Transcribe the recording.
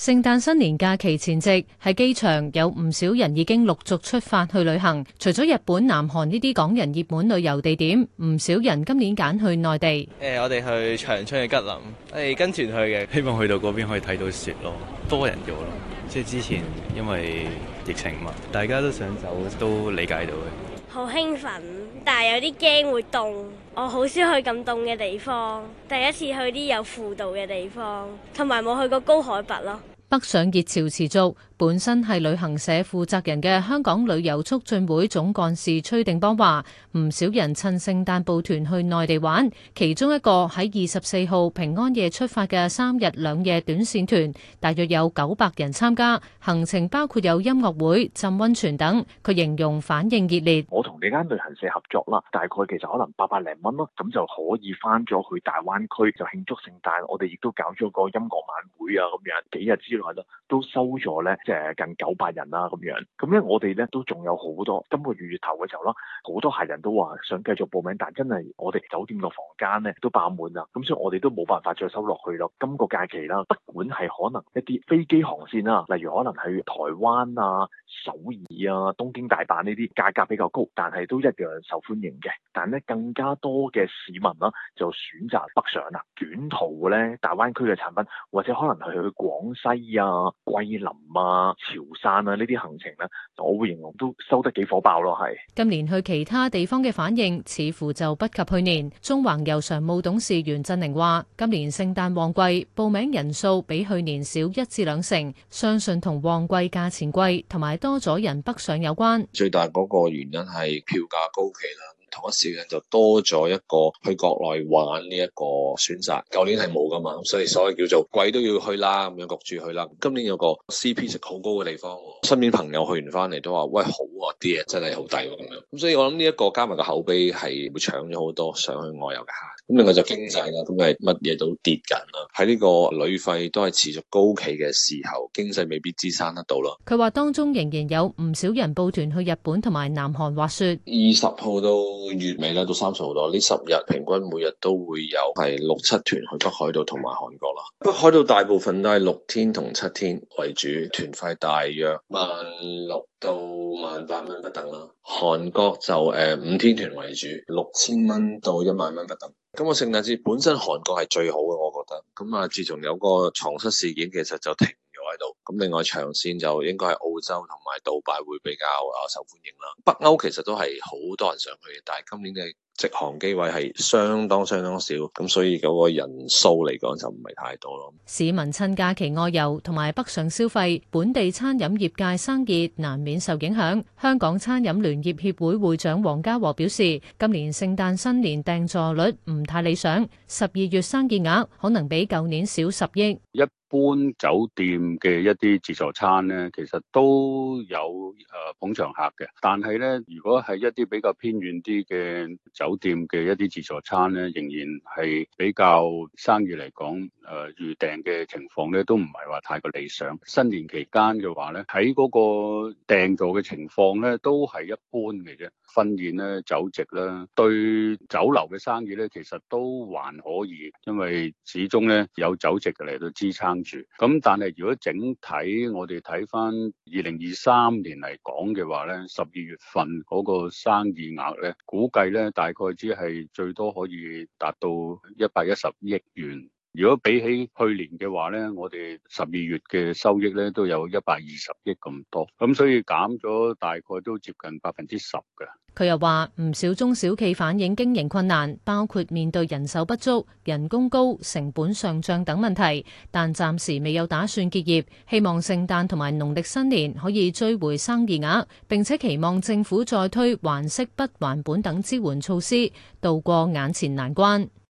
聖誕新年假期前夕，喺機場有唔少人已經陸續出發去旅行。除咗日本、南韓呢啲港人熱門旅遊地點，唔少人今年揀去內地。誒，我哋去長春嘅吉林，我哋跟團去嘅，希望去到嗰邊可以睇到雪咯。多人咗啦，即係之前因為疫情嘛，大家都想走，都理解到嘅。好興奮，但係有啲驚會凍。我好少去咁凍嘅地方，第一次去啲有負度嘅地方，同埋冇去過高海拔咯。北上熱潮持續。本身係旅行社負責人嘅香港旅遊促進會總幹事崔定邦話：唔少人趁聖誕報團去內地玩，其中一個喺二十四號平安夜出發嘅三日兩夜短線團，大約有九百人參加，行程包括有音樂會、浸溫泉等。佢形容反應熱烈。我同呢間旅行社合作啦，大概其實可能八百零蚊咯，咁就可以返咗去大灣區就慶祝聖誕。我哋亦都搞咗個音樂晚會啊，咁樣幾日之內咯，都收咗呢。誒近九百人啦，咁樣咁咧，我哋咧都仲有好多。今個月頭嘅時候啦，好多客人都話想繼續報名，但真係我哋酒店個房間咧都爆滿啦，咁所以我哋都冇辦法再收落去咯。今個假期啦，不管係可能一啲飛機航線啦，例如可能係台灣啊、首爾啊、東京大阪呢啲價格比較高，但係都一樣受歡迎嘅。但咧更加多嘅市民啦，就選擇北上啦，短途咧大灣區嘅產品，或者可能係去廣西啊、桂林啊。啊，潮汕啊呢啲行程咧，我會形容都收得幾火爆咯，係。今年去其他地方嘅反應似乎就不及去年。中環遊常務董事袁振寧話，今年聖誕旺季報名人數比去年少一至兩成，相信同旺季價錢貴同埋多咗人北上有關。最大嗰個原因係票價高企啦。同一時間就多咗一個去國內玩呢一個選擇，舊年係冇㗎嘛，所以所以叫做貴都要去啦，咁樣焗住去啦。今年有個 CP 值好高嘅地方，身邊朋友去完翻嚟都話：喂，好啊，啲嘢真係好抵喎，啊，咁樣。咁所以我諗呢一個加埋個口碑係會搶咗好多想去外遊嘅客。咁另外就經濟啦，咁係乜嘢都跌緊啦。喺呢個旅費都係持續高企嘅時候，經濟未必支撐得到啦。佢話：當中仍然有唔少人報團去日本同埋南韓滑雪。二十號到月尾啦，到三十號多呢十日，平均每日都會有係六七團去北海道同埋韓國啦。北海道大部分都係六天同七天為主，團費大約萬六。到萬八蚊不等啦，韓國就誒、呃、五天團為主，六千蚊到一萬蚊不等。咁我聖誕節本身韓國係最好嘅，我覺得。咁啊，自從有個藏室事件，其實就停咗喺度。咁另外長線就應該係澳洲同埋杜拜會比較啊受歡迎啦。北歐其實都係好多人上去嘅，但係今年嘅直航機位係相當相當少，咁所以嗰個人數嚟講就唔係太多咯。市民趁假期外遊同埋北上消費，本地餐飲業界生意難免受影響。香港餐飲聯業協會會長黃家和表示，今年聖誕新年訂座率唔太理想，十二月生意額可能比舊年少十億。般酒店嘅一啲自助餐呢，其實都有誒捧場客嘅。但係呢，如果係一啲比較偏遠啲嘅酒店嘅一啲自助餐呢，仍然係比較生意嚟講誒預訂嘅情況呢，都唔係話太過理想。新年期間嘅話呢，喺嗰個訂座嘅情況呢，都係一般嘅啫。婚宴咧、酒席啦，對酒樓嘅生意呢，其實都還可以，因為始終呢，有酒席嚟到支撐。咁但係如果整體我哋睇翻二零二三年嚟講嘅話咧，十二月份嗰個生意額咧，估計咧大概只係最多可以達到一百一十億元。如果比起去年嘅話咧，我哋十二月嘅收益咧都有一百二十億咁多，咁所以減咗大概都接近百分之十噶。佢又話唔少中小企反映經營困難，包括面對人手不足、人工高、成本上漲等問題，但暫時未有打算結業，希望聖誕同埋農曆新年可以追回生意額，並且期望政府再推還息不還本等支援措施，渡過眼前難關。